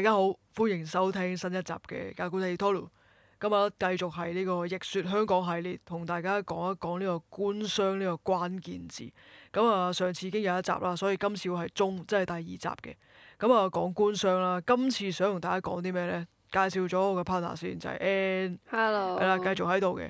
大家好，歡迎收聽新一集嘅《賈古蒂托魯》，今日繼續係呢、這個逆說香港系列，同大家講一講呢個官商呢個關鍵字。咁、嗯、啊，上次已經有一集啦，所以今次係中，即係第二集嘅。咁、嗯、啊，講官商啦，今次想同大家講啲咩呢？介紹咗我嘅 partner 先，就係、是、N，hello，係啦，繼續喺度嘅。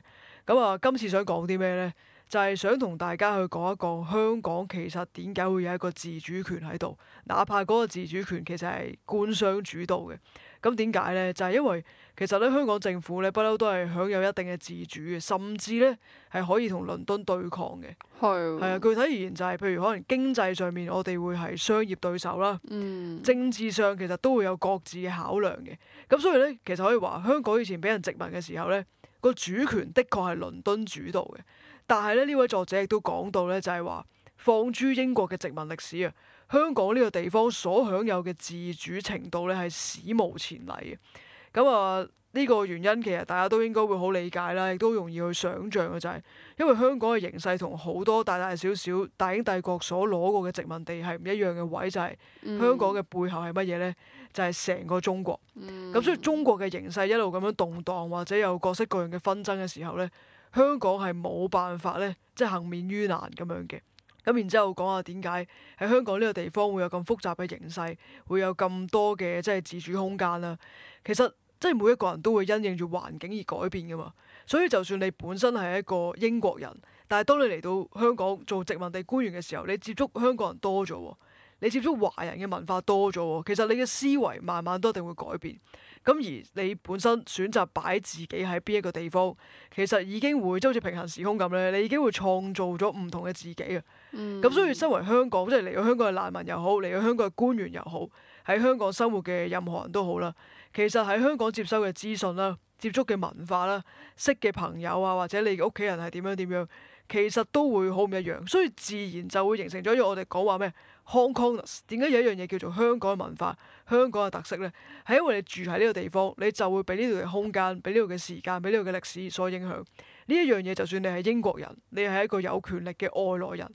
咁、嗯、啊，今次想講啲咩呢？就係想同大家去講一講香港其實點解會有一個自主權喺度，哪怕嗰個自主權其實係官商主導嘅。咁點解呢？就係、是、因為其實咧香港政府咧不嬲都係享有一定嘅自主嘅，甚至咧係可以同倫敦對抗嘅。係啊的，具體而言就係、是、譬如可能經濟上面我哋會係商業對手啦。嗯、政治上其實都會有各自嘅考量嘅。咁所以咧，其實可以話香港以前俾人殖民嘅時候咧，個主權的確係倫敦主導嘅。但係咧，呢位作者亦都講到呢，就係話放諸英國嘅殖民歷史啊，香港呢個地方所享有嘅自主程度呢，係史無前例嘅。咁、嗯、啊，呢個原因其實大家都應該會好理解啦，亦都容易去想像嘅就係，因為香港嘅形勢同好多大大小小大英帝國所攞過嘅殖民地係唔一樣嘅位，就係香港嘅背後係乜嘢呢？就係成個中國。咁、嗯、所以中國嘅形勢一路咁樣動盪，或者有各式各樣嘅紛爭嘅時候呢。香港係冇辦法咧，即係幸免於難咁樣嘅。咁然之後講下點解喺香港呢個地方會有咁複雜嘅形勢，會有咁多嘅即係自主空間啦。其實即係每一個人都會因應住環境而改變㗎嘛。所以就算你本身係一個英國人，但係當你嚟到香港做殖民地官員嘅時候，你接觸香港人多咗，你接觸華人嘅文化多咗，其實你嘅思維慢慢都一定會改變。咁而你本身選擇擺自己喺邊一個地方，其實已經會即好似平行時空咁咧，你已經會創造咗唔同嘅自己啊。咁、嗯、所以身為香港，即係嚟到香港嘅難民又好，嚟到香港嘅官員又好，喺香港生活嘅任何人都好啦。其實喺香港接收嘅資訊啦、接觸嘅文化啦、識嘅朋友啊，或者你嘅屋企人係點樣點樣，其實都會好唔一樣。所以自然就會形成咗要我哋講話咩？Hong Kongers，點解有一樣嘢叫做香港文化、香港嘅特色呢？係因為你住喺呢個地方，你就會俾呢度嘅空間、俾呢度嘅時間、俾呢度嘅歷史所影響。呢一樣嘢，就算你係英國人，你係一個有權力嘅外來人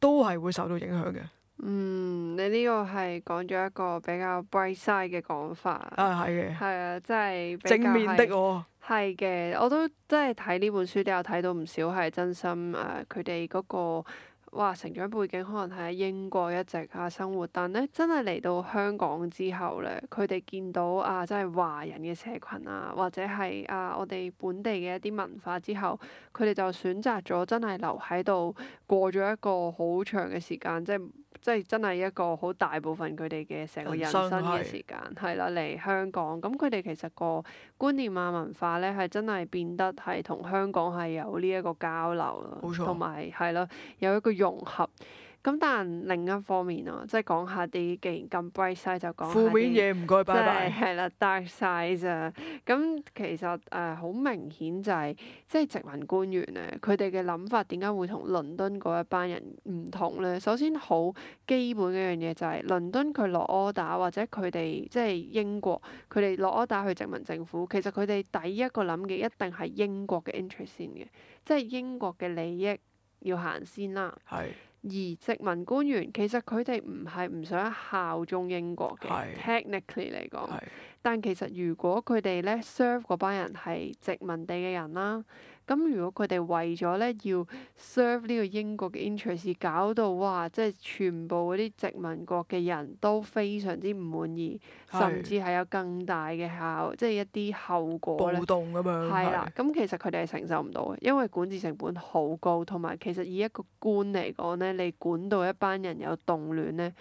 都係會受到影響嘅。嗯，你呢個係講咗一個比較 bright side 嘅講法啊，係嘅，係啊，真係正面的喎。係嘅，我都真係睇呢本書都有睇到唔少係真心誒，佢哋嗰個。哇！成長背景可能喺英國一直啊生活，但咧真係嚟到香港之後咧，佢哋見到啊真係華人嘅社群啊，或者係啊我哋本地嘅一啲文化之後，佢哋就選擇咗真係留喺度過咗一個好長嘅時間，即係。即係真係一個好大部分佢哋嘅成個人生嘅時間，係啦，嚟香港咁，佢哋其實個觀念啊文化咧係真係變得係同香港係有呢一個交流咯，同埋係咯有一個融合。咁但另一方面咯，即係講下啲，既然咁 bright side 就講負面嘢唔該，拜拜。即係係啦，dark side 啫，咁其實誒好、呃、明顯就係、是，即、就、係、是、殖民官員咧，佢哋嘅諗法點解會同倫敦嗰一班人唔同咧？首先好基本嘅一樣嘢就係、是，倫敦佢落 order 或者佢哋即係英國佢哋落 order 去殖民政府，其實佢哋第一個諗嘅一定係英國嘅 interest 先嘅，即、就、係、是、英國嘅利益要先行先啦。係。而殖民官員其實佢哋唔係唔想效忠英國嘅的，technically 嚟講。的但其實如果佢哋咧 serve 嗰班人係殖民地嘅人啦。咁如果佢哋為咗咧要 serve 呢個英國嘅 interest，搞到哇，即係全部嗰啲殖民國嘅人都非常之唔滿意，是甚至係有更大嘅效，即係一啲後果咧。暴動㗎嘛？係啦，咁是、嗯、其實佢哋係承受唔到嘅，因為管治成本好高，同埋其實以一個官嚟講咧，你管到一班人有動亂咧，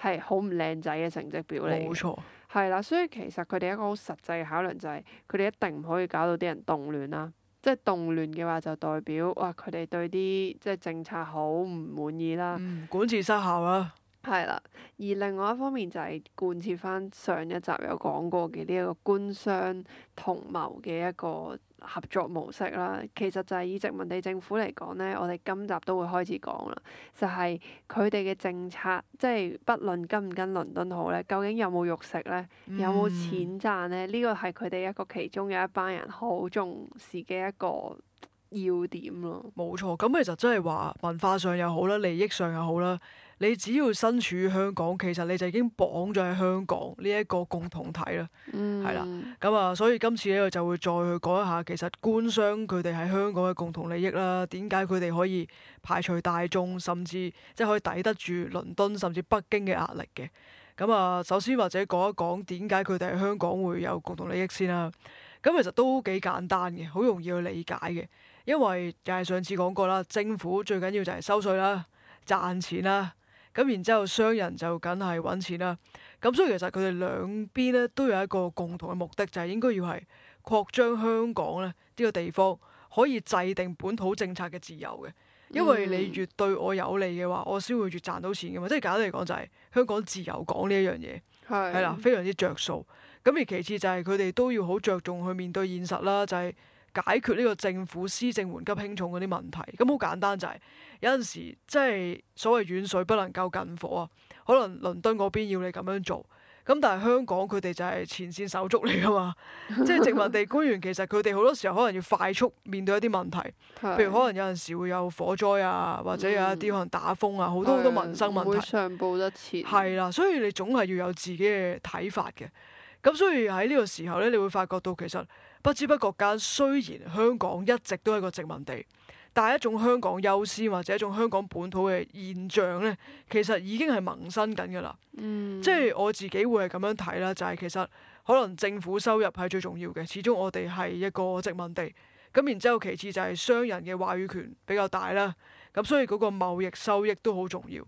係好唔靚仔嘅成績表嚟。冇錯錯。係啦，所以其實佢哋一個好實際嘅考量就係佢哋一定唔可以搞到啲人動亂啦。即係動亂嘅話，就代表哇，佢哋對啲即係政策好唔滿意啦、嗯。管治失效啦、啊。係啦，而另外一方面就係貫徹翻上一集有講過嘅呢一個官商同謀嘅一個。合作模式啦，其實就係以殖民地政府嚟講咧，我哋今集都會開始講啦，就係佢哋嘅政策，即係不論跟唔跟倫敦好咧，究竟有冇肉食咧，嗯、有冇錢賺咧？呢個係佢哋一個其中有一班人好重視嘅一個要點咯。冇錯，咁其實真係話文化上又好啦，利益上又好啦。你只要身處香港，其實你就已經綁咗喺香港呢一個共同體啦，係啦、嗯。咁啊，所以今次咧我就會再去講一下，其實官商佢哋喺香港嘅共同利益啦。點解佢哋可以排除大眾，甚至即係可以抵得住倫敦甚至北京嘅壓力嘅？咁啊，首先或者講一講點解佢哋喺香港會有共同利益先啦。咁其實都幾簡單嘅，好容易去理解嘅，因為就係上次講過啦，政府最緊要就係收稅啦、賺錢啦。咁然之後，商人就梗係揾錢啦。咁所以其實佢哋兩邊咧都有一個共同嘅目的，就係、是、應該要係擴張香港咧呢、這個地方可以制定本土政策嘅自由嘅，因為你越對我有利嘅話，我先會越賺到錢嘅嘛。即係簡單嚟講、就是，就係香港自由港呢一樣嘢係是啦，非常之着數。咁而其次就係佢哋都要好着重去面對現實啦，就係、是。解決呢個政府施政緩急輕重嗰啲問題，咁好簡單就係、是、有陣時即係所謂遠水不能夠近火啊！可能倫敦嗰邊要你咁樣做，咁但係香港佢哋就係前線手足嚟㗎嘛， 即係殖民地官員其實佢哋好多時候可能要快速面對一啲問題，譬是如可能有陣時會有火災啊，或者有一啲可能打風啊，好多好多民生問題。會上報得遲。係啦，所以你總係要有自己嘅睇法嘅。咁所以喺呢個時候呢，你會發覺到其實。不知不覺間，雖然香港一直都係個殖民地，但係一種香港優先或者一種香港本土嘅現象呢，其實已經係萌生緊㗎啦。嗯、即係我自己會係咁樣睇啦，就係、是、其實可能政府收入係最重要嘅，始終我哋係一個殖民地。咁然之後，其次就係商人嘅話語權比較大啦。咁所以嗰個貿易收益都好重要。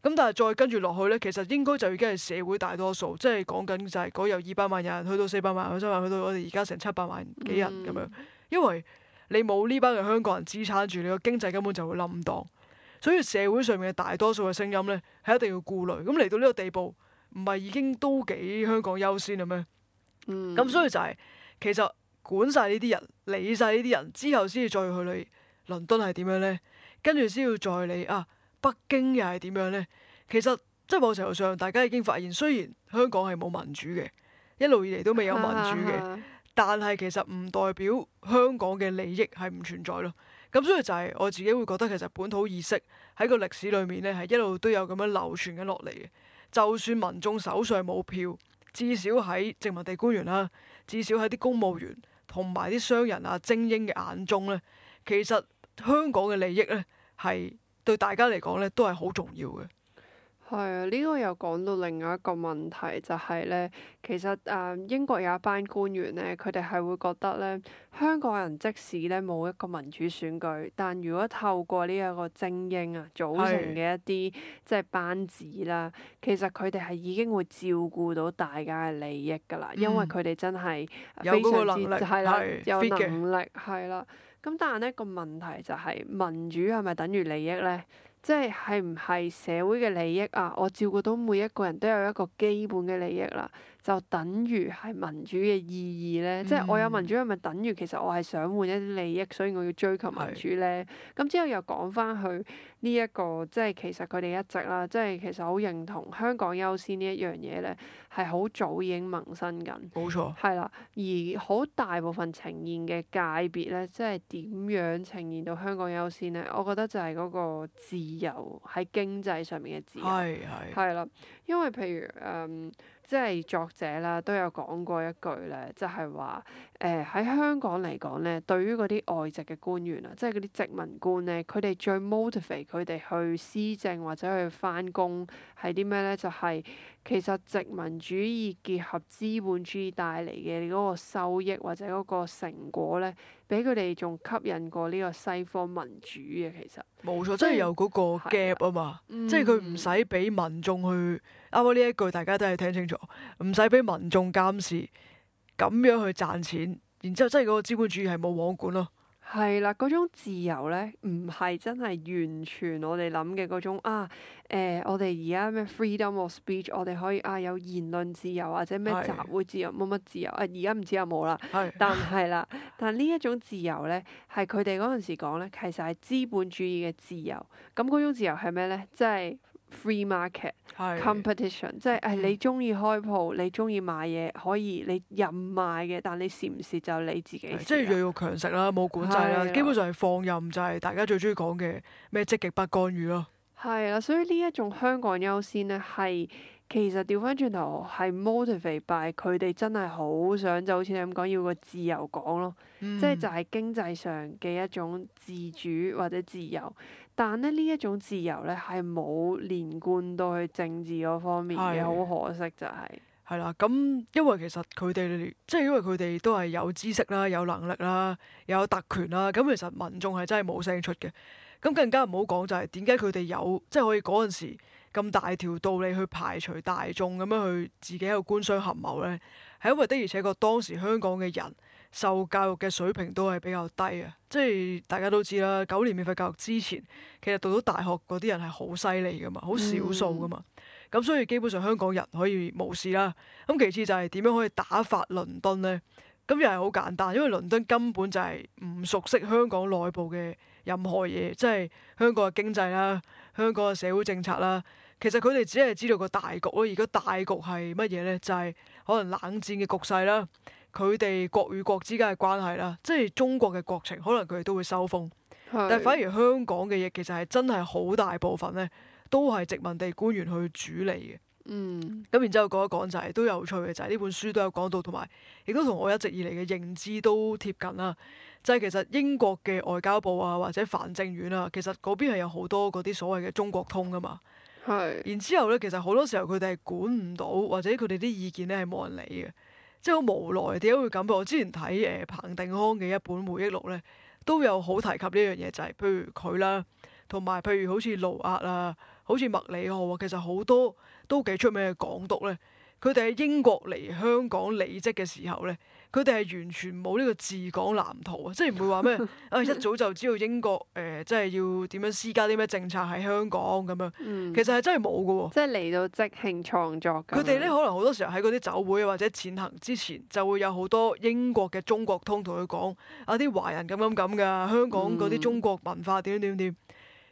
咁但係再跟住落去咧，其實應該就已經係社會大多數，即係講緊就係嗰由二百萬人去到四百萬、五十萬，去到我哋而家成七百萬幾人咁樣，嗯、因為你冇呢班嘅香港人支撐住，你個經濟根本就會冧檔。所以社會上面嘅大多數嘅聲音咧，係一定要顧慮。咁嚟到呢個地步，唔係已經都幾香港優先啦咩？咁、嗯、所以就係、是、其實管晒呢啲人、理晒呢啲人之後，先至再去你倫敦係點樣咧？跟住先要再理啊！北京又係點樣呢？其實即係某程度上，大家已經發現，雖然香港係冇民主嘅，一路以嚟都未有民主嘅，主 但係其實唔代表香港嘅利益係唔存在咯。咁所以就係我自己會覺得，其實本土意識喺個歷史裏面呢，係一路都有咁樣流傳緊落嚟嘅。就算民眾手上冇票，至少喺殖民地官員啦、啊，至少喺啲公務員同埋啲商人啊精英嘅眼中呢、啊，其實香港嘅利益呢係。對大家嚟講咧，都係好重要嘅。係啊，呢、這個又講到另外一個問題，就係、是、咧，其實誒、呃、英國有一班官員咧，佢哋係會覺得咧，香港人即使咧冇一個民主選舉，但如果透過呢一個精英啊組成嘅一啲的即係班子啦，其實佢哋係已經會照顧到大家嘅利益噶啦，嗯、因為佢哋真係非常之係啦，有能力係啦。咁，但係呢個問題就係民主係咪等於利益呢？即係係唔係社會嘅利益啊？我照顧到每一個人都有一個基本嘅利益啦。就等於係民主嘅意義咧，嗯、即係我有民主係咪等於其實我係想換一啲利益，所以我要追求民主咧？咁是之後又講翻去呢一個，即係其實佢哋一直啦，即係其實好認同香港優先呢一樣嘢咧，係好早已經萌生緊。冇錯錯。係啦，而好大部分呈現嘅界別咧，即係點樣呈現到香港優先咧？我覺得就係嗰個自由喺經濟上面嘅自由。係係。係啦，因為譬如誒。嗯即係作者啦，都有講過一句咧，就係話。誒喺、呃、香港嚟講咧，對於嗰啲外籍嘅官員啊，即係嗰啲殖民官咧，佢哋最 motivate 佢哋去施政或者去翻工係啲咩咧？就係、是、其實殖民主義結合資本主義帶嚟嘅嗰個收益或者嗰個成果咧，俾佢哋仲吸引過呢個西方民主嘅其實。冇錯，即係有嗰個 gap 啊嘛、嗯，的即係佢唔使俾民眾去。啱啱，呢一句大家都係聽清楚，唔使俾民眾監視。咁樣去賺錢，然之後真係嗰個資本主義係冇王管咯。係啦，嗰種自由咧，唔係真係完全我哋諗嘅嗰種啊。誒、呃，我哋而家咩 freedom of speech，我哋可以啊有言論自由或者咩集會自由，乜乜自由啊？而家唔知有冇啦。但係啦，但呢一種自由咧，係佢哋嗰陣時講咧，其實係資本主義嘅自由。咁嗰種自由係咩咧？即係。free market competition，的即係誒你中意開鋪，你中意買嘢可以你任賣嘅任買嘅，但你蝕唔蝕就你自己。即係弱肉強食啦，冇管制啦，的基本上係放任就制就係，大家最中意講嘅咩積極不干預咯。係啦，所以呢一種香港優先咧係。其實調翻轉頭係 motivate by 佢哋真係好想，就好似你咁講，要個自由港咯，嗯、即係就係經濟上嘅一種自主或者自由。但咧呢一種自由咧係冇連貫到去政治嗰方面嘅，好係可惜就係、係。係啦，咁因為其實佢哋即係因為佢哋都係有知識啦、有能力啦、有特權啦，咁其實民眾係真係冇聲出嘅。咁更加唔好講就係點解佢哋有，即、就、係、係、可以嗰陣時。咁大條道理去排除大眾咁樣去自己一個官商合謀呢，係因為的而且確當時香港嘅人受教育嘅水平都係比較低啊，即係大家都知啦。九年免費教育之前，其實讀到大學嗰啲人係好犀利噶嘛，好少數噶嘛。咁、嗯、所以基本上香港人可以無視啦。咁其次就係點樣可以打發倫敦呢？咁又係好簡單，因為倫敦根本就係唔熟悉香港內部嘅任何嘢，即係香港嘅經濟啦，香港嘅社會政策啦。其實佢哋只係知道個大局咯，而個大局係乜嘢呢？就係、是、可能冷戰嘅局勢啦，佢哋國與國之間嘅關係啦，即係中國嘅國情，可能佢哋都會收風。是但反而香港嘅嘢，其實係真係好大部分呢，都係殖民地官員去主理嘅。咁、嗯、然之後講一講就係、是、都有趣嘅，就係、是、呢本書都有講到，同埋亦都同我一直以嚟嘅認知都貼近啦、啊。即、就、係、是、其實英國嘅外交部啊，或者反政院啊，其實嗰邊係有好多嗰啲所謂嘅中國通㗎嘛。係，然之後咧，其實好多時候佢哋係管唔到，或者佢哋啲意見咧係冇人理嘅，即係好無奈。點解會咁？我之前睇誒、呃、彭定康嘅一本回憶錄咧，都有好提及呢樣嘢，就係、是、譬如佢啦，同埋譬如好似盧押啊，好似麥理浩啊，其實好多都幾出名嘅港督咧。佢哋喺英國嚟香港履職嘅時候呢，佢哋係完全冇呢個治港藍圖啊！即係唔會話咩 啊，一早就知道英國誒、呃，即係要點樣施加啲咩政策喺香港咁樣。嗯、其實係真係冇噶喎，即係嚟到即興創作。佢哋呢，可能好多時候喺嗰啲酒會或者餞行之前，就會有好多英國嘅中國通同佢講啊，啲華人咁咁咁噶，香港嗰啲中國文化點點點。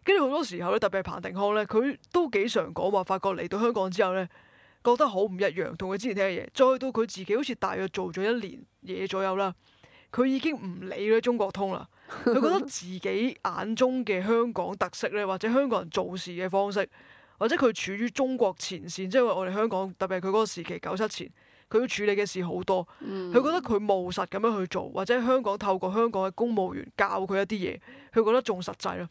跟住好多時候咧，特別係彭定康呢，佢都幾常講話法國嚟到香港之後呢。覺得好唔一樣，同佢之前聽嘅嘢，再到佢自己好似大約做咗一年嘢左右啦，佢已經唔理咧中國通啦，佢覺得自己眼中嘅香港特色咧，或者香港人做事嘅方式，或者佢處於中國前線，即係我哋香港，特別係佢嗰個時期九七前，佢要處理嘅事好多，佢、嗯、覺得佢務實咁樣去做，或者香港透過香港嘅公務員教佢一啲嘢，佢覺得仲實際啦，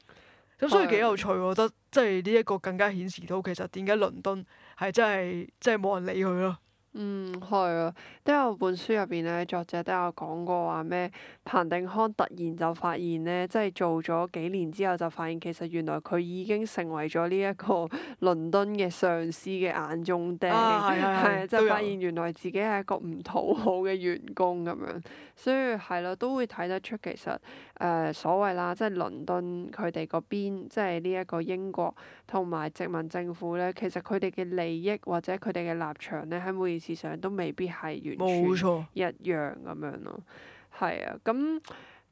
咁所以幾有趣，我覺得即係呢一個更加顯示到其實點解倫敦。係真係真係冇人理佢咯。嗯，係啊，都有本書入邊咧，作者都有講過話咩？彭定康突然就發現咧，即係做咗幾年之後就發現，其實原來佢已經成為咗呢一個倫敦嘅上司嘅眼中釘，係係係，即係發現原來自己係一個唔討好嘅員工咁樣。所以係咯，都會睇得出其實。誒、呃、所謂啦，即係倫敦佢哋嗰邊，即係呢一個英國同埋殖民政府咧。其實佢哋嘅利益或者佢哋嘅立場咧，喺每件事上都未必係完全錯一樣咁樣咯。係啊，咁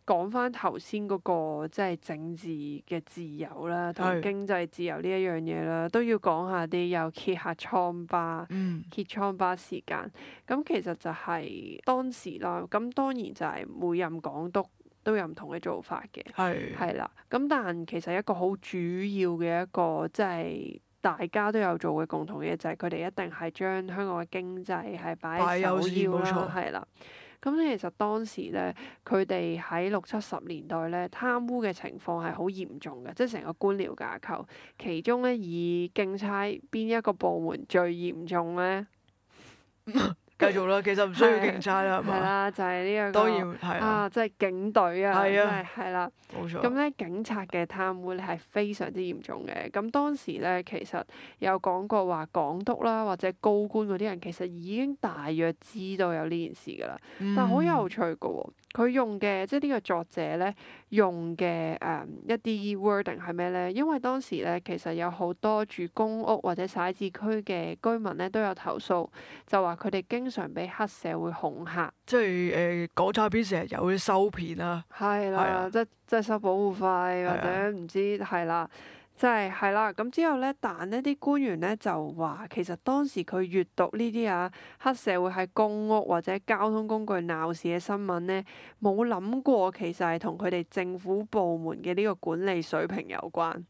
講翻頭先嗰個即係政治嘅自由啦，同經濟自由呢一樣嘢啦，是都要講下啲又揭下瘡疤，嗯、揭瘡疤時間咁，其實就係當時啦。咁當然就係每任港督。都有唔同嘅做法嘅，係係啦。咁但其實一個好主要嘅一個即係、就是、大家都有做嘅共同嘅，就係佢哋一定係將香港嘅經濟係擺喺首要啦，係啦。咁其實當時咧，佢哋喺六七十年代咧，貪污嘅情況係好嚴重嘅，即係成個官僚架構，其中咧以警察邊一個部門最嚴重咧？ 繼續啦， 其實唔需要警察啦，係咪？係啦，就係呢個當然係啊，即係警隊啊，係啊，係啦，冇錯。咁咧，警察嘅貪污咧係非常之嚴重嘅。咁當時咧，其實有講過話港督啦，或者高官嗰啲人，其實已經大約知道有呢件事㗎啦。嗯、但係好有趣嘅喎、哦。佢用嘅即係呢個作者咧用嘅誒、嗯、一啲 wording 係咩咧？因為當時咧其實有好多住公屋或者徙置區嘅居民咧都有投訴，就話佢哋經常俾黑社會恐嚇。即係誒港產片成日有啲收片、啊、啦。係啦，即即係收保護費或者唔知係啦。即係係啦，咁之後咧，但咧啲官員咧就話，其實當時佢閲讀呢啲啊黑社會喺公屋或者交通工具鬧事嘅新聞咧，冇諗過其實係同佢哋政府部門嘅呢個管理水平有關。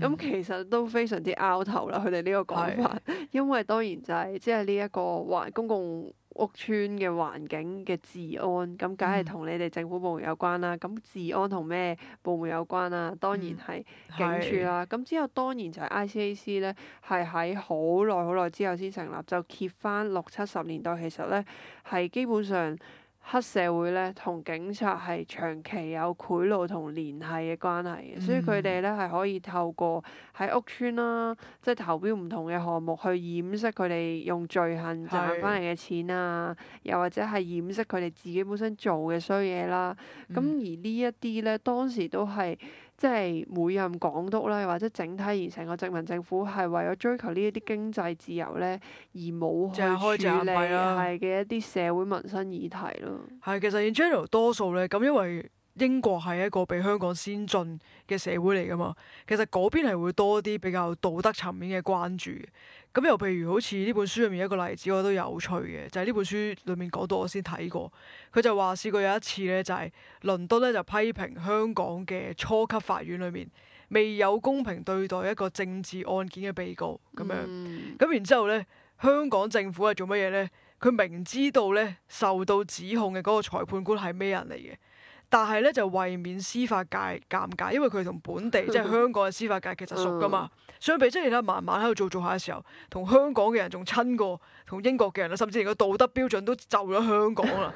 咁其實都非常之拗頭啦，佢哋呢個講法，因為當然就係即係呢一個環公共。屋邨嘅環境嘅治安，咁梗係同你哋政府部門有關啦。咁治安同咩部門有關啦、啊？當然係警署啦。咁、嗯、之後當然就係 ICAC 咧，係喺好耐好耐之後先成立，就揭返六七十年代其實咧係基本上。黑社會咧同警察係長期有賄賂同聯繫嘅關係，嗯、所以佢哋咧係可以透過喺屋邨啦，即係投標唔同嘅項目去掩飾佢哋用罪行賺翻嚟嘅錢啊，又或者係掩飾佢哋自己本身做嘅衰嘢啦。咁而呢一啲咧，當時都係。即係每任港督咧，或者整體而成個殖民政府係為咗追求呢一啲經濟自由咧，而冇去處理嘅一啲社會民生議題咯。係， 其實 in general 多數咧咁，因為英國係一個比香港先進嘅社會嚟噶嘛，其實嗰邊係會多啲比較道德層面嘅關注。咁又譬如好似呢本書裏面一個例子，我都有趣嘅，就係、是、呢本書裏面講到我先睇過，佢就話試過有一次呢，就係倫敦咧就批評香港嘅初級法院裏面未有公平對待一個政治案件嘅被告咁樣，咁、嗯、然之後呢，香港政府係做乜嘢呢？佢明知道呢，受到指控嘅嗰個裁判官係咩人嚟嘅。但係咧就為免司法界尷尬，因為佢同本地即係香港嘅司法界其實熟噶嘛。 相比起而家慢慢喺度做一做下嘅時候，同香港嘅人仲親過，同英國嘅人啊，甚至連個道德標準都就咗香港啦。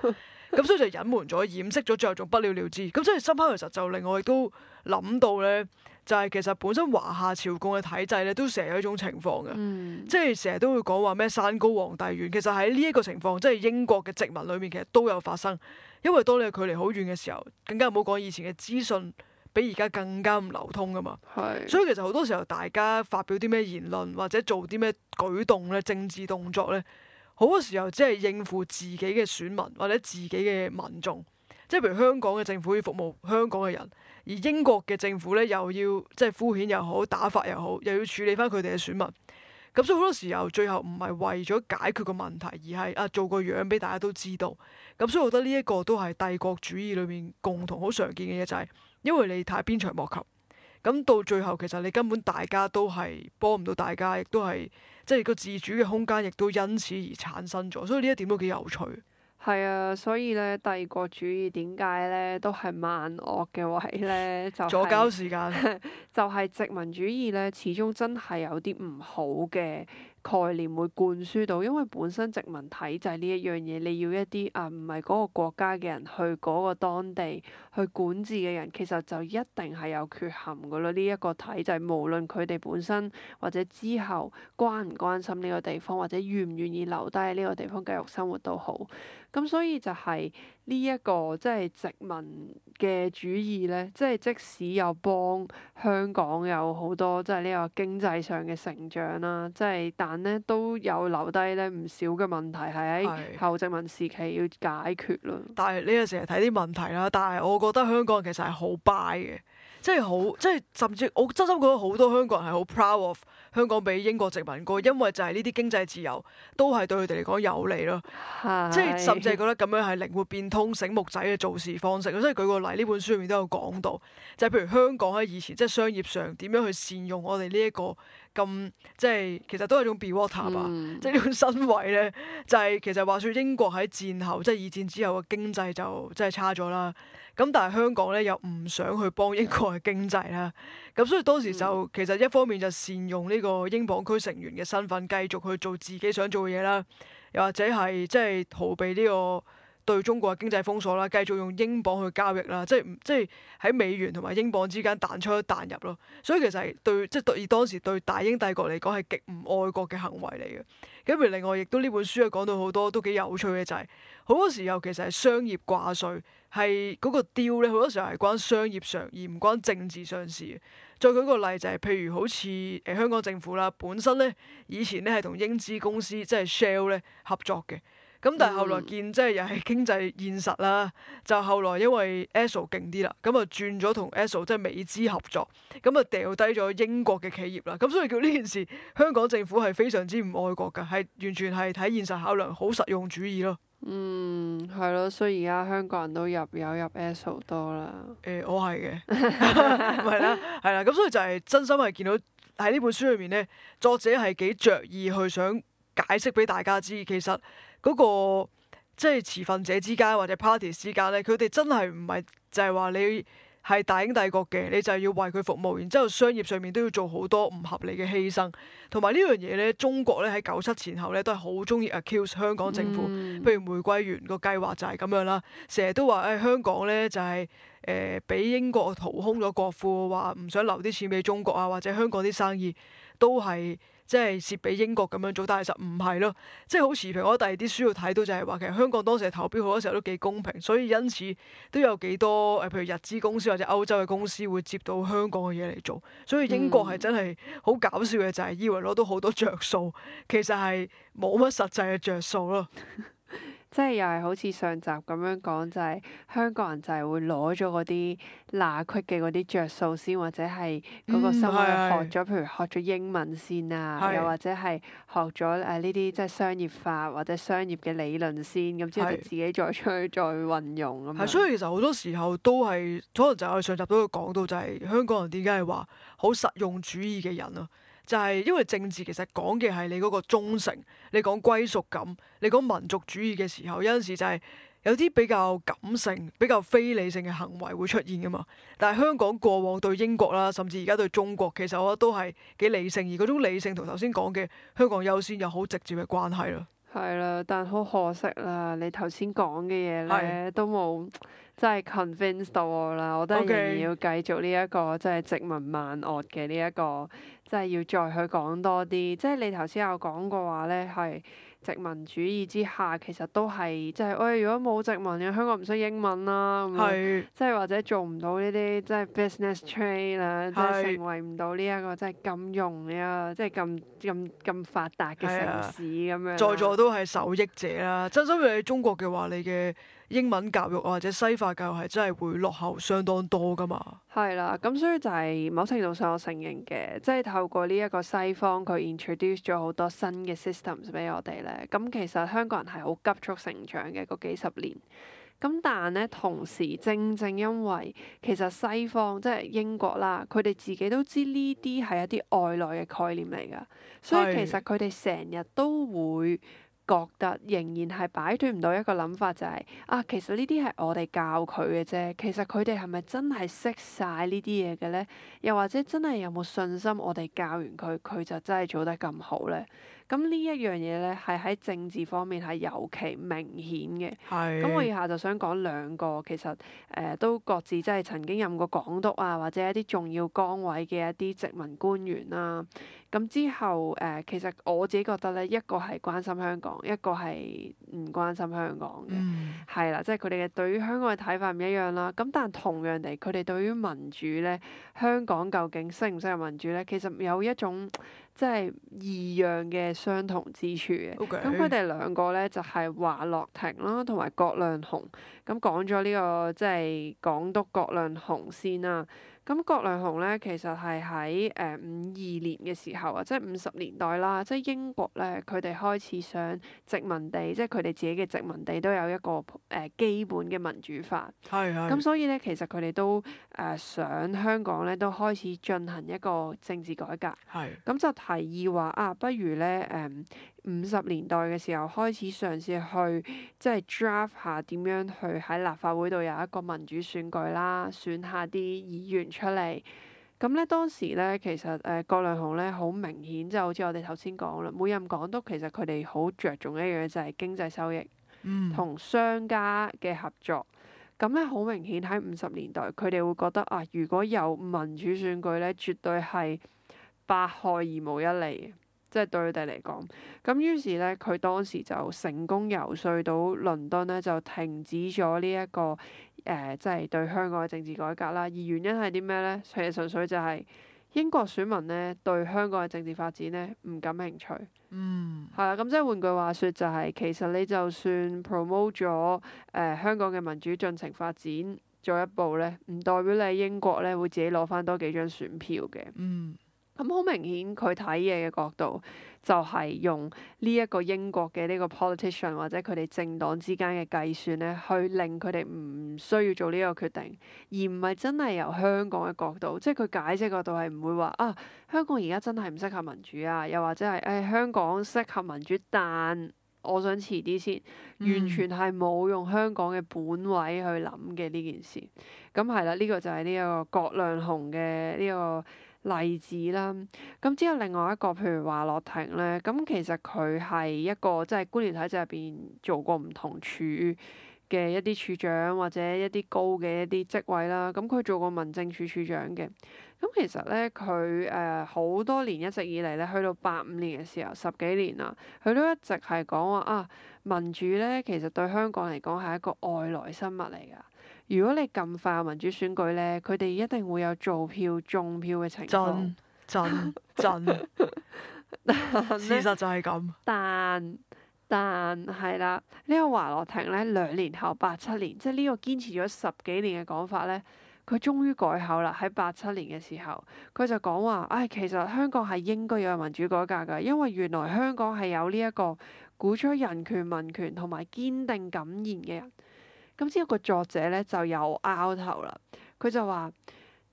咁 所以就隱瞞咗、掩飾咗，最後仲不了了之。咁所以深刻其實就令我亦都諗到咧，就係、是、其實本身華夏朝貢嘅體制咧都成日有一種情況嘅， 即係成日都會講話咩山高皇帝遠。其實喺呢一個情況，即、就、係、是、英國嘅殖民裏面，其實都有發生。因為當你距離好遠嘅時候，更加唔好講以前嘅資訊比而家更加唔流通㗎嘛。是所以其實好多時候，大家發表啲咩言論或者做啲咩舉動呢，政治動作呢，好多時候只係應付自己嘅選民或者自己嘅民眾。即係譬如香港嘅政府要服務香港嘅人，而英國嘅政府呢又要即係敷衍又好打發又好，又要處理返佢哋嘅選民。咁所以好多時候，最後唔係為咗解決個問題，而係啊做個樣俾大家都知道。咁、嗯、所以我覺得呢一個都係帝國主義裏面共同好常見嘅嘢，就係、是、因為你太鞭長莫及，咁到最後其實你根本大家都係幫唔到大家，亦都係即係個自主嘅空間，亦都因此而產生咗、啊。所以呢一點都幾有趣。係啊，所以咧帝國主義點解咧都係萬惡嘅位咧，就係阻攪時間， 就係殖民主義咧，始終真係有啲唔好嘅。概念會灌輸到，因為本身殖民體制呢一樣嘢，你要一啲啊唔係嗰個國家嘅人去嗰個當地去管治嘅人，其實就一定係有缺陷㗎喇。呢、這、一個體制，無論佢哋本身或者之後關唔關心呢個地方，或者願唔願意留低喺呢個地方繼續生活都好。咁所以就係呢一個即係殖民嘅主義咧，即係即使有幫香港有好多即係呢個經濟上嘅成長啦，即係但咧都有留低咧唔少嘅問題係喺後殖民時期要解決咯。但係呢個成日睇啲問題啦，但係我覺得香港人其實係好 buy 嘅，即係好即係甚至我真心覺得好多香港人係好 proud of。香港畀英國殖民過，因為就係呢啲經濟自由都係對佢哋嚟講有利咯，是即係甚至係覺得咁樣係靈活變通、醒目仔嘅做事方式。所以係舉個例，呢本書裏面都有講到，就係、是、譬如香港喺以前即係商業上點樣去善用我哋呢一個咁即係其實都係一種 be water 啊，嗯、即係呢種身位咧，就係、是、其實話說英國喺戰後即係二戰之後嘅經濟就真係差咗啦。咁但係香港咧又唔想去幫英國嘅經濟啦。咁所以當時就其實一方面就善用呢、這個，呢個英鎊區成員嘅身份繼續去做自己想做嘅嘢啦，又或者係即係逃避呢個對中國嘅經濟封鎖啦，繼續用英鎊去交易啦，即係即係喺美元同埋英鎊之間彈出彈入咯。所以其實係對即係對以當時對大英帝國嚟講係極唔愛國嘅行為嚟嘅。跟住，另外亦都呢本書啊講到好多都幾有趣嘅就係、是、好多時候其實係商業掛帥，係嗰、那個雕咧，好多時候係關商業上而唔關政治上事。再舉個例就係、是、譬如好似誒、呃、香港政府啦，本身咧以前咧係同英資公司即係 Shell 咧合作嘅。咁但係後來見，嗯、即係又係經濟現實啦。就後來因為 Esso 勁啲啦，咁啊轉咗同 Esso 即係美資合作，咁啊掉低咗英國嘅企業啦。咁所以叫呢件事，香港政府係非常之唔愛國㗎，係完全係睇現實考量，好實用主義咯。嗯，係咯，所以而家香港人都入有入 Esso、SO、多、欸、 啦。誒，我係嘅，唔係啦，係啦。咁所以就係真心係見到喺呢本書裏面呢，作者係幾着意去想解釋俾大家知，其實。嗰、那個即係持份者之間或者 party 之間咧，佢哋真係唔係就係話你係大英帝國嘅，你就係要為佢服務，然之後商業上面都要做好多唔合理嘅犧牲，同埋呢樣嘢咧，中國咧喺九七前後咧都係好中意 accuse 香港政府，嗯、譬如玫瑰園個計劃就係咁樣啦，成日都話誒香港咧就係誒俾英國掏空咗國庫，話唔想留啲錢俾中國啊，或者香港啲生意都係。即係蝕俾英國咁樣做，但係實唔係咯，即係好持平。我第二啲書要睇到就係話，其實香港當時投標好多時候都幾公平，所以因此都有幾多誒，譬如日資公司或者歐洲嘅公司會接到香港嘅嘢嚟做，所以英國係真係好搞笑嘅，就係以為攞到好多着數，其實係冇乜實際嘅着數咯。 即係又係好似上集咁樣講，就係、是、香港人就係會攞咗嗰啲罅隙嘅嗰啲着數先，或者係嗰個生活學咗，嗯、譬如學咗英文先啊，是又或者係學咗誒呢啲即係商業化或者商業嘅理論先，咁之後自己再出去是再運用咁樣。係，所以其實好多時候都係，可能就係我哋上集都講到，就係香港人點解係話好實用主義嘅人咯、啊。就係因為政治其實講嘅係你嗰個忠誠，你講歸屬感，你講民族主義嘅時候，有陣時就係有啲比較感性、比較非理性嘅行為會出現噶嘛。但係香港過往對英國啦，甚至而家對中國，其實我覺得都係幾理性，而嗰種理性同頭先講嘅香港優先有好直接嘅關係啦。係啦，但好可惜啦，你頭先講嘅嘢咧都冇。真係 convince 到我啦！Okay. 我覺得仍然要繼續呢、這、一個即係、就是、殖民萬惡嘅呢一個，即、就、係、是、要再去講多啲。即、就、係、是、你頭先有講過話咧，係殖民主義之下，其實都係即係喂，如果冇殖民嘅香港，唔識英文啦，咁即係或者做唔到呢啲即係 business train 啦，即、就、係、是、是成為唔到呢、這、一個即係金融呢個即係咁咁咁發達嘅城市咁、啊、樣，在座都係受益者啦！真心你喺中國嘅話，你嘅英文教育或者西化教育係真係會落後相當多噶嘛？係啦，咁所以就係某程度上我承認嘅，即係透過呢一個西方佢 introduce 咗好多新嘅 systems 俾我哋咧。咁其實香港人係好急速成長嘅嗰幾十年。咁但咧同時，正正因為其實西方即係英國啦，佢哋自己都知呢啲係一啲外來嘅概念嚟噶，所以其實佢哋成日都會。覺得仍然係擺脱唔到一個諗法，就係，就係啊，其實呢啲係我哋教佢嘅啫。其實佢哋係咪真係識晒呢啲嘢嘅咧？又或者真係有冇信心？我哋教完佢，佢就真係做得咁好咧？咁呢一樣嘢咧，係喺政治方面係尤其明顯嘅。係是。咁我以下就想講兩個，其實誒、呃、都各自真係曾經任過港督啊，或者一啲重要崗位嘅一啲殖民官員啦、啊。咁之後，誒、呃、其實我自己覺得咧，一個係關心香港，一個係唔關心香港嘅，係啦、嗯，即係佢哋嘅對於香港嘅睇法唔一樣啦。咁但同樣地，佢哋對於民主咧，香港究竟適唔適合民主咧？其實有一種即係異樣嘅相同之處嘅。咁佢哋兩個咧就係、是、華樂庭啦，同埋葛量洪。咁、這個、講咗呢個即係港督葛量洪先啦。咁葛量洪咧，其實係喺誒五二年嘅時候啊，即係五十年代啦，即係英國咧，佢哋開始想殖民地，即係佢哋自己嘅殖民地都有一個誒、呃、基本嘅民主法。咁是是 所以咧，其實佢哋都誒、呃、想香港咧，都開始進行一個政治改革。咁是是 就提議話啊，不如咧誒、呃五十年代嘅時候開始嘗試去即係、就是、draft 下點樣去喺立法會度有一個民主選舉啦，選下啲議員出嚟。咁咧當時咧其實誒、呃、郭亮雄咧好明顯，就好似我哋頭先講啦，每任港督其實佢哋好着重嘅一樣嘢就係經濟收益，同、嗯、商家嘅合作。咁咧好明顯喺五十年代，佢哋會覺得啊，如果有民主選舉咧，絕對係百害而無一利。即係對佢哋嚟講，咁於是咧，佢當時就成功遊說到倫敦咧，就停止咗呢一個誒、呃，即係對香港嘅政治改革啦。而原因係啲咩咧？其實純粹就係英國選民咧對香港嘅政治發展咧唔感興趣。嗯。係啦，咁即係換句話說、就係，就係其實你就算 promote 咗誒、呃、香港嘅民主進程發展進一步咧，唔代表你喺英國咧會自己攞返多幾張選票嘅。嗯。咁好明顯，佢睇嘢嘅角度就係、是、用呢一個英國嘅呢個 politician 或者佢哋政黨之間嘅計算咧，去令佢哋唔需要做呢個決定，而唔係真係由香港嘅角度，即係佢解釋角度係唔會話啊香港而家真係唔適合民主啊，又或者係誒、哎、香港適合民主，但我想遲啲先，完全係冇用香港嘅本位去諗嘅呢件事。咁係啦，呢、啊呢個就係呢個葛量洪嘅呢個例子啦，咁之後另外一個，譬如話樂廷咧，咁其實佢係一個即係官僚體制入邊做過唔同處嘅一啲處長或者一啲高嘅一啲職位啦，咁佢做過民政處處長嘅，咁其實咧佢誒好多年一直以嚟咧，去到八五年嘅時候十幾年啦，佢都一直係講話啊民主咧，其實對香港嚟講係一個外來生物嚟㗎。如果你咁快民主選舉咧，佢哋一定會有造票、中票嘅情況。真真真，真 事實就係咁。但但係啦，呢、這個華羅庭咧，兩年後八七年，即係呢個堅持咗十幾年嘅講法咧，佢終於改口啦。喺八七年嘅時候，佢就講話：唉、哎，其實香港係應該有民主改革㗎，因為原來香港係有呢、這、一個鼓吹人權、民權同埋堅定敢言嘅人。咁之後，個作者咧就又拗頭啦。佢就話：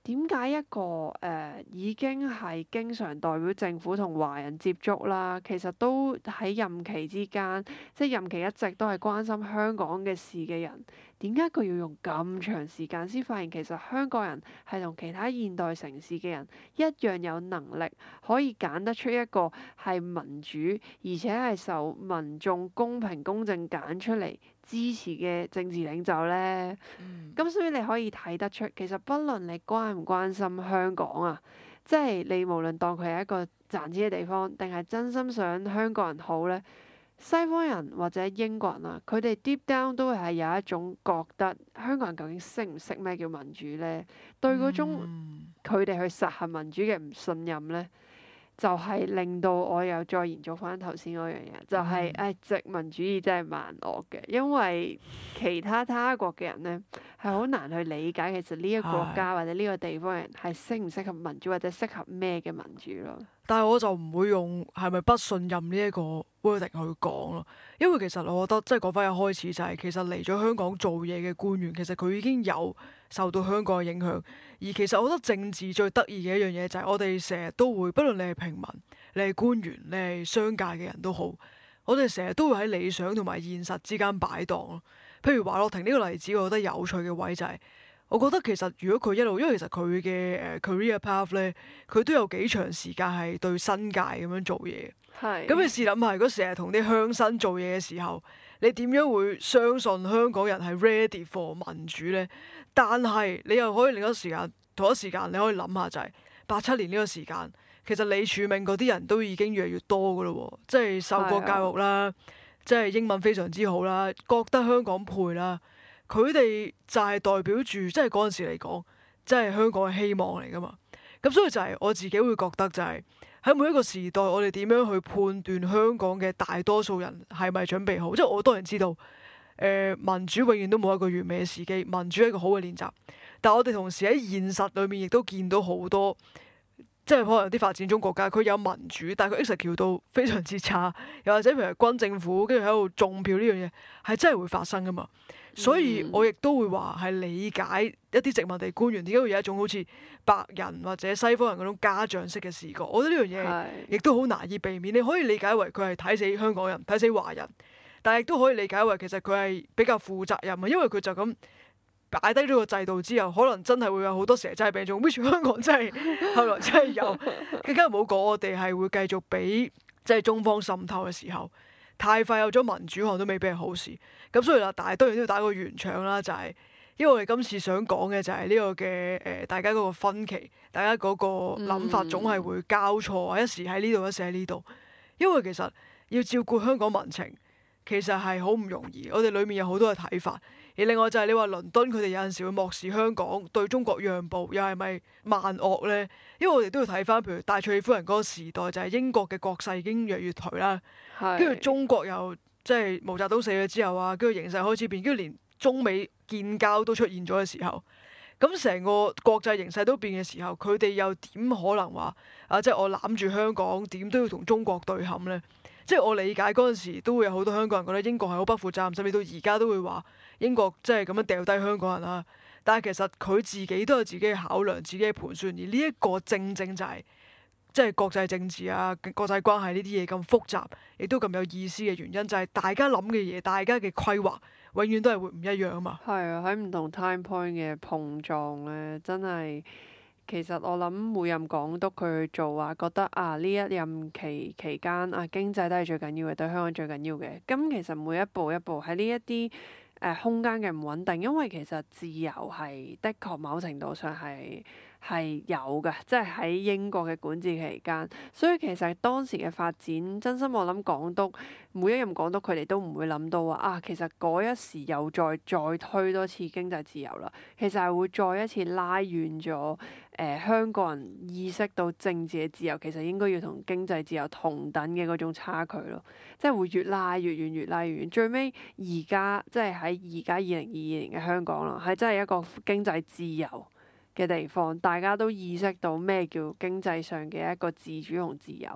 點解一個誒、呃、已經係經常代表政府同華人接觸啦，其實都喺任期之間，即任期一直都係關心香港嘅事嘅人，點解佢要用咁長時間先發現其實香港人係同其他現代城市嘅人一樣有能力可以揀得出一個係民主而且係受民眾公平公正揀出嚟支持嘅政治領袖咧，咁、嗯、所以你可以睇得出，其實不論你關唔關心香港啊，即係你無論當佢係一個賺錢嘅地方，定係真心想香港人好咧，西方人或者英國人啊，佢哋 deep down 都係有一種覺得香港人究竟識唔識咩叫民主咧，對嗰種佢哋去實行民主嘅唔信任咧。嗯就係令到我又再延續翻頭先嗰樣嘢，就係、是、誒、嗯哎、殖民主義真係萬惡嘅，因為其他他國嘅人咧，係好難去理解，其實呢一個國家或者呢個地方嘅人係適唔適合民主或者適合咩嘅民主咯。但係我就唔會用係咪不，不信任呢一個 wording 去講咯，因為其實我覺得即係講翻一開始就係、是、其實嚟咗香港做嘢嘅官員，其實佢已經有受到香港嘅影響。而其實我覺得政治最得意嘅一樣嘢就係、是、我哋成日都會，不論你係平民、你係官員、你係商界嘅人都好，我哋成日都會喺理想同埋現實之間擺盪。譬如華樂庭呢個例子，我覺得有趣嘅位就係、是。我覺得其實如果佢一路，因為其實佢嘅誒 career path 咧，佢都有幾長時間係對新界咁樣做嘢。係的。咁你試諗下，如果成日同啲鄉紳做嘢嘅時候，你點樣會相信香港人係 ready for 民主咧？但係你又可以另一時間同一時間你可以諗下就係八七年呢個時間，其實李柱明李柱銘嗰啲人都已經越嚟越多㗎啦、啊，即係受過教育啦，哎、呦即係英文非常之好啦，覺得香港配啦。佢哋就係代表住，即係嗰陣時嚟講，即係香港嘅希望嚟噶嘛。咁所以就係、是、我自己會覺得、就是，就係喺每一個時代，我哋點樣去判斷香港嘅大多數人係咪準備好？即係我當然知道，呃、民主永遠都冇一個完美嘅時機，民主係一個好嘅練習，但係我哋同時喺現實裏面亦都見到好多，即係可能有啲發展中國家佢有民主，但係佢 execute 到非常之差，又或者譬如軍政府跟住喺度種票呢樣嘢，係真係會發生噶嘛。所以我亦都會話係理解一啲殖民地官員點解會有一種好似白人或者西方人嗰種家長式嘅視角。我覺得呢樣嘢亦都好難以避免。你可以理解為佢係睇死香港人、睇死華人，但係亦都可以理解為其實佢係比較負責任啊，因為佢就咁擺低呢個制度之後，可能真係會有好多蛇齋餅糭。which 香港真係後來真係有，更加唔好講我哋係會繼續俾即係中方滲透嘅時候。太快有咗民主，可能都未必係好事。咁所以啦，但係當然都要打個圓場啦，就係、是、因為我哋今次想講嘅就係呢個嘅誒、呃，大家嗰個分歧，大家嗰個諗法，總係會交錯，嗯、一時喺呢度，一時喺呢度。因為其實要照顧香港民情，其實係好唔容易。我哋裏面有好多嘅睇法。另外就係你話，倫敦佢哋有陣時會漠視香港對中國讓步，又係咪萬惡呢？因為我哋都要睇返，譬如戴卓爾夫人嗰個時代就係、是、英國嘅國勢已經越嚟越頹啦，跟住是中國又即係、就是、毛澤東死咗之後啊，跟住形勢開始變，跟住連中美建交都出現咗嘅時候，咁成個國際形勢都變嘅時候，佢哋又點可能話啊？即、就、係、是、我攬住香港點都要同中國對撼呢？即、就、係、是、我理解嗰陣時都會有好多香港人覺得英國係好不負責任，甚至到而家都會話。英國即係咁樣掉低香港人啦，但係其實佢自己都有自己嘅考量、自己嘅盤算，而呢一個正正就係即係國際政治啊、國際關係呢啲嘢咁複雜，亦都咁有意思嘅原因就係、是、大家諗嘅嘢、大家嘅規劃，永遠都係會唔一樣啊嘛。係啊，喺唔同 time point 嘅碰撞呢，真係其實我諗每任港督佢做話覺得啊，呢一任期期間啊，經濟都係最緊要嘅，對香港最緊要嘅。咁其實每一步一步喺呢一啲。誒、呃、空間嘅唔穩定，因為其實自由係的確某程度上係。係有㗎，即係喺英國嘅管治期間，所以其實當時嘅發展，真心我諗港督每一任港督，佢哋都唔會諗到話啊，其實嗰一時又再再推多次經濟自由啦，其實係會再一次拉遠咗誒、呃、香港人意識到政治嘅自由，其實應該要同經濟自由同等嘅嗰種差距咯，即係會越拉越遠，越拉越遠，最尾而家即係喺而家二零二二年嘅香港啦，係真係一個經濟自由。嘅地方，大家都意識到咩叫經濟上嘅一個自主、同自由，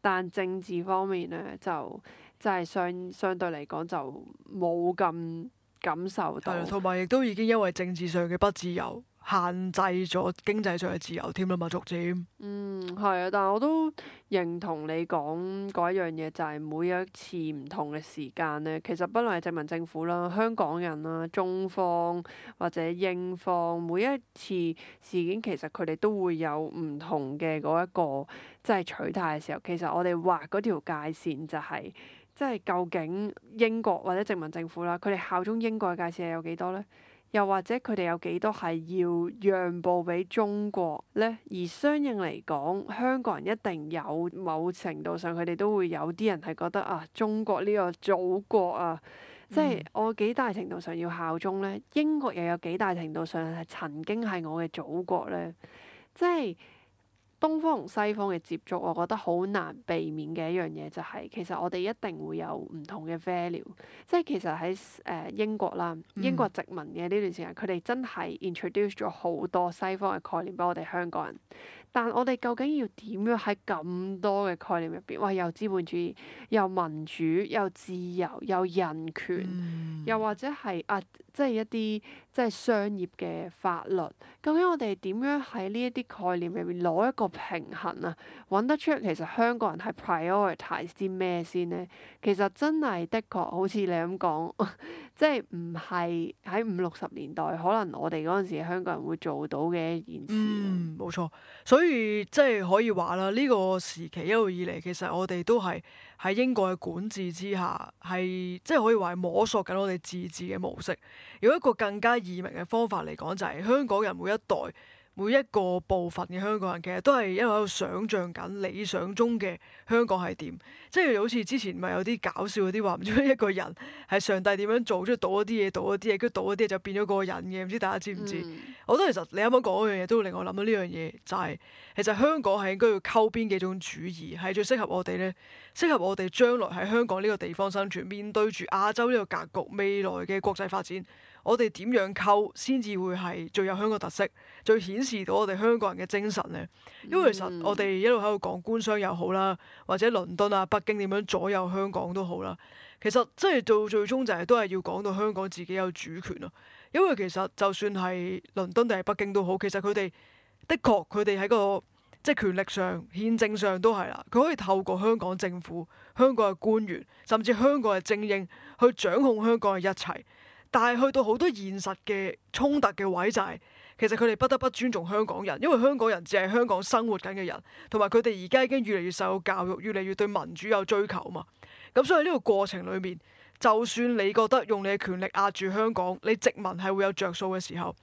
但政治方面咧，就真係、就是、相相對嚟講就冇咁感受到，同埋亦都已經因為政治上嘅不自由。限制咗經濟上嘅自由添啦嘛，逐漸。嗯，係啊，但係我都認同你講嗰一樣嘢，就係、是、每一次唔同嘅時間咧，其實不論係殖民政府啦、香港人啦、中方或者英方，每一次事件其實佢哋都會有唔同嘅嗰一個即係、就是、取態嘅時候。其實我哋劃嗰條界線就係即係究竟英國或者殖民政府啦，佢哋效忠英國嘅界線係有幾多咧？又或者佢哋有幾多係要讓步俾中國呢？而相應嚟講，香港人一定有某程度上，佢哋都會有啲人係覺得啊，中國呢個祖國啊，即係我幾大程度上要效忠呢？英國又有幾大程度上係曾經係我嘅祖國呢？即」即係。東方同西方嘅接觸，我覺得好難避免嘅一樣嘢就係、是，其實我哋一定會有唔同嘅 value，即係其實喺誒、呃、英國啦，英國殖民嘅呢段時間，佢哋、嗯、真係 introduce 咗好多西方嘅概念俾我哋香港人，但我哋究竟要點樣喺咁多嘅概念入邊，哇、呃！又資本主義，又民主，又自由，又人權，嗯、又或者係啊～即係一啲即係商業嘅法律，究竟我哋點樣喺呢一啲概念入面攞一個平衡啊？揾得出其實香港人係 prioritize 啲咩先咧？其實真係的確好似你咁講， 即係唔係喺五六十年代，可能我哋嗰陣時香港人會做到嘅一件事。嗯，冇錯，所以即係、就是、可以話啦，呢、這個時期一路以嚟，其實我哋都係。喺英國嘅管治之下，係即係可以話係摸索緊我哋自治嘅模式。有一個更加易明嘅方法嚟講，就係、是、香港人每一代。每一個部分嘅香港人其實都係因為喺度想像緊理想中嘅香港係點，即係好似之前咪有啲搞笑嗰啲話唔知一個人係上帝點樣做，即係賭一啲嘢，賭一啲嘢，跟住賭一啲嘢就變咗個人嘅，唔知大家知唔知？嗯、我覺得其實你啱啱講嗰樣嘢都會令我諗到呢樣嘢，就係、是、其實香港係應該要溝邊幾種主義係最適合我哋呢，適合我哋將來喺香港呢個地方生存，面對住亞洲呢個格局未來嘅國際發展。我哋點樣溝先至會係最有香港特色，最顯示到我哋香港人嘅精神呢？因為其實我哋一路喺度講官商又好啦，或者倫敦啊、北京點樣左右香港都好啦。其實即係到最終，就係都係要講到香港自己有主權咯。因為其實就算係倫敦定係北京都好，其實佢哋的確佢哋喺個即係、就是、權力上、憲政上都係啦。佢可以透過香港政府、香港嘅官員，甚至香港嘅精英去掌控香港嘅一切。但係去到好多現實嘅衝突嘅位就係，其實佢哋不得不尊重香港人，因為香港人只係香港生活緊嘅人，同埋佢哋而家已經越嚟越受教育，越嚟越對民主有追求嘛。咁所以呢個過程裏面，就算你覺得用你嘅權力壓住香港，你殖民係會有着數嘅時候，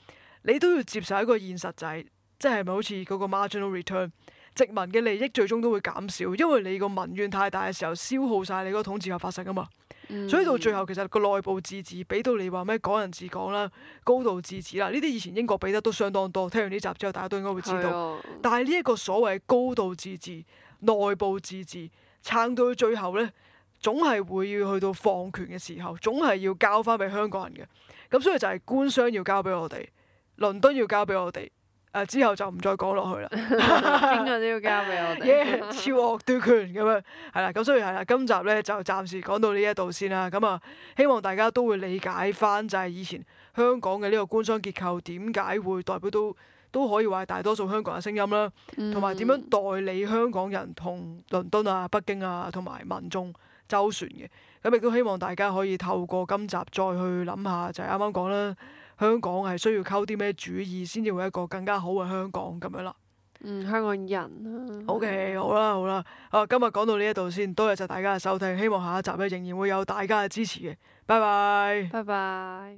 你都要接受一個現實，就係即係咪好似嗰個 marginal return？殖民嘅利益最終都會減少，因為你個民怨太大嘅時候，消耗晒你個統治合法性啊嘛。嗯、所以到最後，其實個內部自治俾到你話咩港人治港啦，高度自治啦，呢啲以前英國俾得都相當多。聽完呢集之後，大家都應該會知道。啊、但係呢一個所謂高度自治、內部自治，撐到最後呢，總係會要去到放權嘅時候，總係要交翻俾香港人嘅。咁所以就係官商要交俾我哋，倫敦要交俾我哋。誒之後就唔再講落去啦，邊個都要交俾我哋，超惡奪權咁樣係啦，咁所以係啦，今集咧就暫時講到呢一度先啦。咁啊、嗯，希望大家都會理解翻，就係以前香港嘅呢個官商結構點解會代表到都可以話係大多數香港嘅聲音啦，同埋點樣代理香港人同倫敦啊、北京啊同埋民眾周旋嘅。咁亦都希望大家可以透過今集再去諗下，就係啱啱講啦。香港係需要溝啲咩主意先至會一個更加好嘅香港咁樣啦。嗯，香港人 OK，好啦好啦，啊，今日講到呢一度先，多謝曬大家嘅收聽，希望下一集咧仍然會有大家嘅支持嘅。拜拜，拜拜。